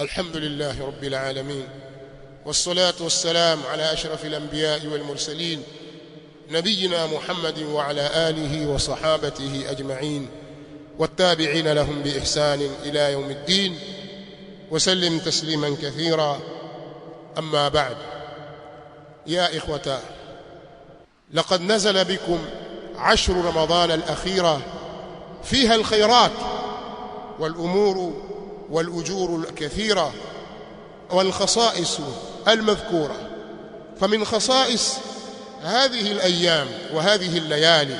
الحمد لله رب العالمين والصلاة والسلام على أشرف الأنبياء والمرسلين نبينا محمد وعلى آله وصحابته أجمعين والتابعين لهم بإحسان إلى يوم الدين وسلم تسليما كثيرا أما بعد يا إخوة لقد نزل بكم عشر رمضان الأخيرة فيها الخيرات والأمور والأجور الكثيرة والخصائص المذكورة فمن خصائص هذه الأيام وهذه الليالي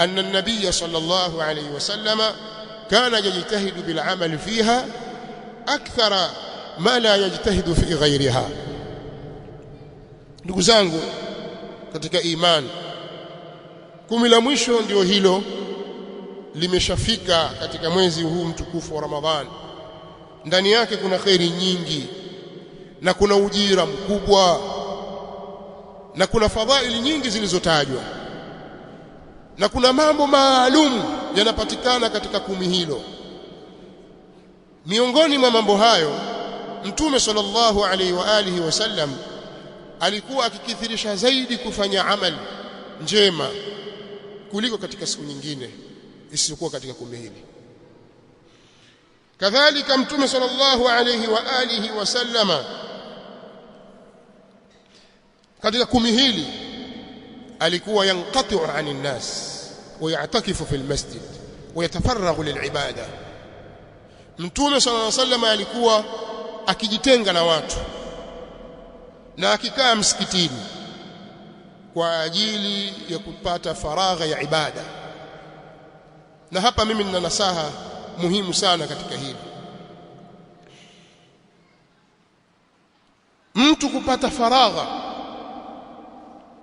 أن النبي صلى الله عليه وسلم كان يجتهد بالعمل فيها أكثر ما لا يجتهد في غيرها ndugu كتك إيمان كم لمشون ديوهيلو mwisho كتك hilo limeshafika katika mwezi huu ndani yake kuna kheri nyingi na kuna ujira mkubwa na kuna fadhaili nyingi zilizotajwa na kuna mambo maalum yanapatikana katika kumi hilo. Miongoni mwa mambo hayo, Mtume sallallahu alaihi wa alihi wasallam alikuwa akikithirisha zaidi kufanya amali njema kuliko katika siku nyingine isiyokuwa katika kumi hili kadhalika mtume sallallahu alayhi wa alihi wasallama katika kumi hili alikuwa yanqati'u 'anil nas ويعتكف في المسجد ويتفرغ للعباده mtume صلى الله عليه alikuwa akijitenga na watu na akikaa msikitini kwa ajili ya kupata faragha ya ibada na hapa mimi nina nasaha muhimu sana katika hili mtu kupata faragha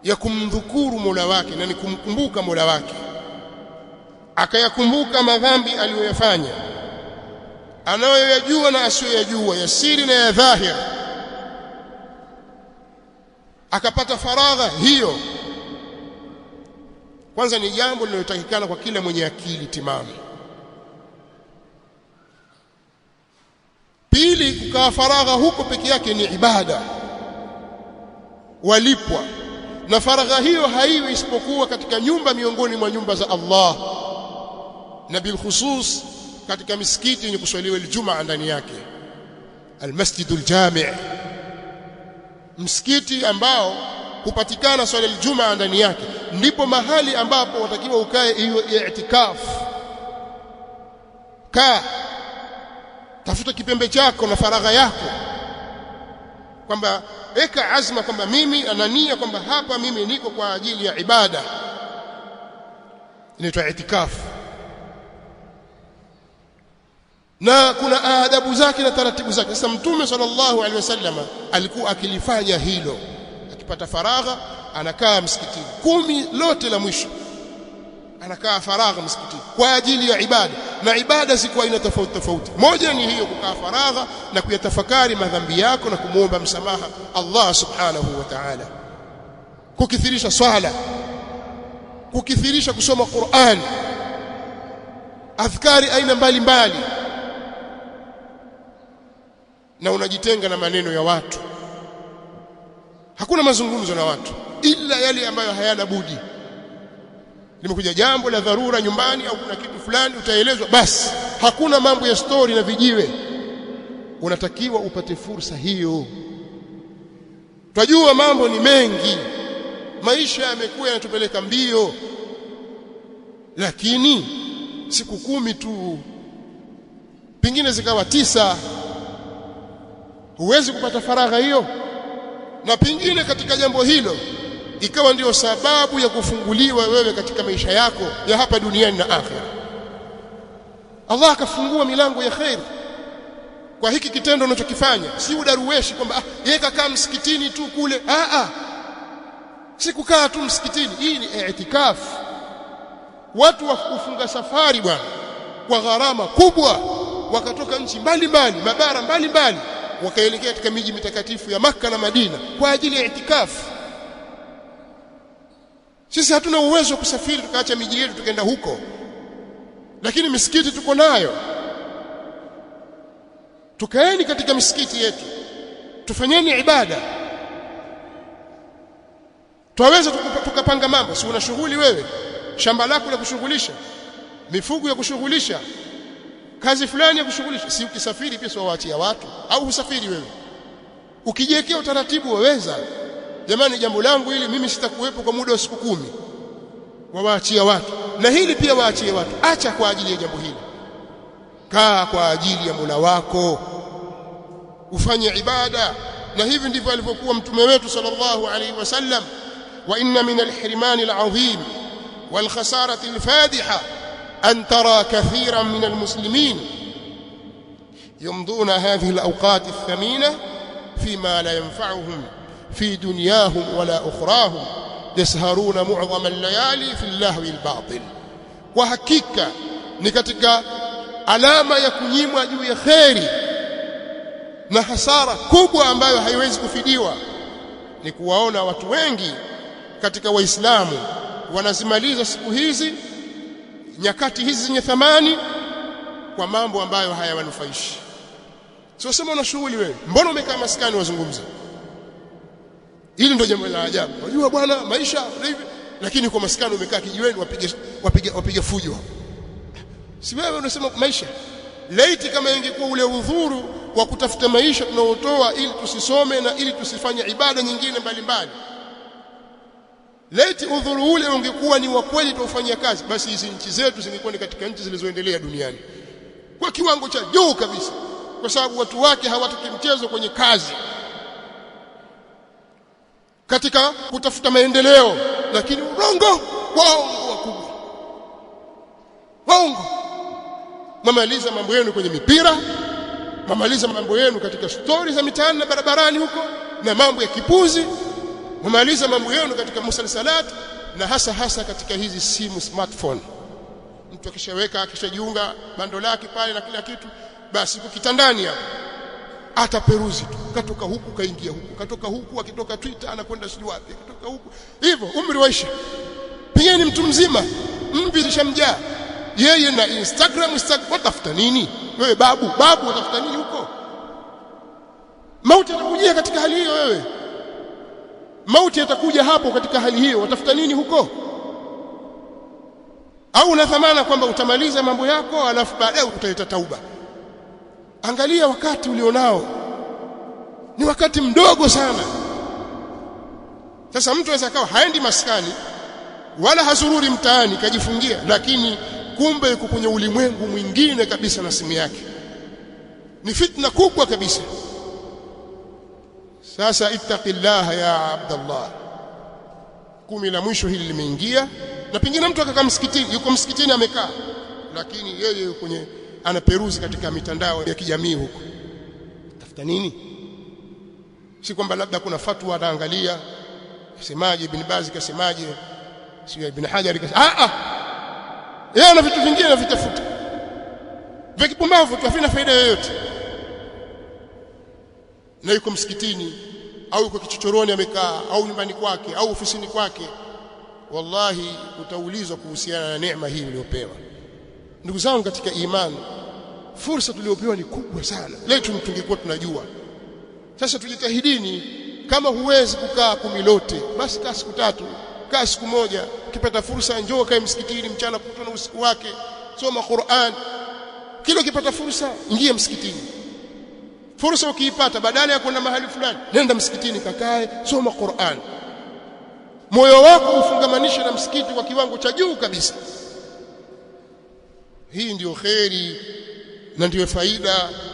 ya kumdhukuru Mola wake na ni kumkumbuka Mola wake akayakumbuka madhambi aliyoyafanya anayoyajua na asiyoyajua ya siri na ya dhahir akapata faragha hiyo kwanza ni jambo linalotakikana kwa kila mwenye akili timamu Pili, kukaa faragha huko peke yake ni ibada, walipwa na faragha hiyo haiwi isipokuwa katika nyumba miongoni mwa nyumba za Allah na bilkhusus katika misikiti yenye kuswaliwa Ijumaa ndani yake, almasjidul jami', msikiti ambao hupatikana swala Ijumaa ndani yake, ndipo mahali ambapo watakiwa ukae hiyo i'tikaf kaa tafuta kipembe chako na faragha yako kwamba weka azma kwamba mimi anania kwamba hapa mimi niko kwa ajili ya ibada inaitwa itikafu na kuna adabu zake na taratibu zake sasa mtume sallallahu alaihi wasallam alikuwa akilifanya hilo akipata faragha anakaa msikitini kumi lote la mwisho anakaa faragha msikitini kwa ajili ya ibada na ibada ziko aina tofauti tofauti. Moja ni hiyo kukaa faragha na kuyatafakari madhambi yako na kumwomba msamaha Allah subhanahu wa ta'ala, kukithirisha swala, kukithirisha kusoma Qur'an, adhkari aina mbalimbali mbali. Na unajitenga na maneno ya watu, hakuna mazungumzo na watu ila yale ambayo hayana budi limekuja jambo la dharura nyumbani au kuna kitu fulani utaelezwa basi hakuna mambo ya stori na vijiwe unatakiwa upate fursa hiyo twajua mambo ni mengi maisha yamekuwa yanatupeleka mbio lakini siku kumi tu pengine zikawa tisa huwezi kupata faragha hiyo na pengine katika jambo hilo ikawa ndiyo sababu ya kufunguliwa wewe katika maisha yako ya hapa duniani na akhira. Allah akafungua milango ya kheri kwa hiki kitendo unachokifanya. Si udaruweshi kwamba ah, yeye kakaa msikitini tu kule. Ah, ah, si kukaa tu msikitini. Hii ni itikafu. Watu wa safari bwana, kwa gharama kubwa, wakatoka nchi mbalimbali, mabara mbalimbali, wakaelekea katika miji mitakatifu ya Makka na Madina kwa ajili ya itikafu sisi hatuna uwezo wa kusafiri tukaacha miji yetu tukaenda huko lakini misikiti tuko nayo tukaeni katika misikiti yetu tufanyeni ibada twaweza tukapanga mambo si una shughuli wewe shamba lako la kushughulisha mifugo ya kushughulisha kazi fulani ya kushughulisha si ukisafiri pia siwaachia watu au husafiri wewe ukijiwekea utaratibu waweza jamani jambo langu hili mimi sitakuwepo kwa muda wa siku kumi wawaachia watu na hili pia waachie watu acha kwa ajili ya jambo hili kaa kwa ajili ya Mola wako ufanye ibada na hivi ndivyo alivyokuwa mtume wetu sallallahu alaihi wasallam wa inna min alhirman alazim wal khasarati alfadiha an tara kathiran min almuslimin yumduna hadhihi alawqat althamina fima la yanfa'uhum في دنياهم ولا اخراهم يسهرون معظم الليالي في اللهو الباطل وحقيقه ni katika alama ya kunyimwa juu ya kheri na hasara kubwa ambayo haiwezi kufidiwa ni kuwaona watu wengi katika waislamu wanazimaliza siku hizi nyakati hizi zenye thamani kwa mambo ambayo hayawanufaishi sio sema una shughuli wewe mbona umekaa maskani wazungumza hili ndio jambo la ajabu unajua bwana maisha na hivi lakini kwa maskani umekaa kijiweni wapige wapige wapige fujo si wewe unasema maisha laiti kama ingekuwa ule udhuru wa kutafuta maisha tunaotoa ili tusisome na ili tusifanye ibada nyingine mbalimbali laiti udhuru ule ungekuwa ni wa kweli tuufanyia kazi basi hizi nchi zetu zingekuwa ni katika nchi zilizoendelea duniani kwa kiwango cha juu kabisa kwa sababu watu wake hawatoki mchezo kwenye kazi katika kutafuta maendeleo lakini urongo waongo wakubwa waongo mamaliza mambo yenu kwenye mipira mamaliza mambo yenu katika stori za mitaani na barabarani huko na mambo ya kipuzi mamaliza mambo yenu katika musalsalat na hasa hasa katika hizi simu smartphone mtu akishaweka akishajiunga bando lake pale na kila kitu basi kukitandani hapo ataperuzi tu katoka huku kaingia huku katoka huku akitoka Twitter anakwenda sijui wapi katoka huku hivyo umri waisha pengine ni mtu mzima mvi zishamjaa yeye na Instagram Instagram watafuta nini wewe babu babu watafuta nini huko mauti atakujia katika hali hiyo wewe mauti atakuja hapo katika hali hiyo watafuta nini huko au una thamana kwamba utamaliza mambo yako alafu baadaye utaleta tauba Angalia wakati ulionao ni wakati mdogo sana. Sasa mtu aweza akawa haendi maskani wala hazururi mtaani, kajifungia, lakini kumbe yuko kwenye ulimwengu mwingine kabisa na simu yake. Ni fitna kubwa kabisa. Sasa ittaqillaha ya Abdallah. Kumi la mwisho hili limeingia, na pengine mtu akakaa msikitini, yuko msikitini amekaa, lakini yeye yuko kwenye anaperuzi katika mitandao ya kijamii huko tafuta nini si kwamba labda kuna fatwa anaangalia kasemaje ibn Baz kasemaje si ibn Hajar kasema ah ah yeye ana vitu vingine anavitafuta vya kipumbavu tu havina faida yoyote na yuko msikitini au yuko kichochoroni amekaa au nyumbani kwake au ofisini kwake wallahi utaulizwa kuhusiana na neema hii uliyopewa ndugu zangu katika imani fursa tuliyopewa ni kubwa sana letu tungekuwa tunajua sasa tujitahidini kama huwezi kukaa kumi lote basi kaa siku tatu kaa siku moja ukipata fursa njoo kae msikitini mchana kutwa na usiku wake soma Qur'an kila ukipata fursa ingia msikitini fursa ukiipata badala ya kwenda mahali fulani nenda msikitini kakae soma Qur'an moyo wako ufungamanishe na msikiti kwa kiwango cha juu kabisa hii ndiyo kheri na ndiyo faida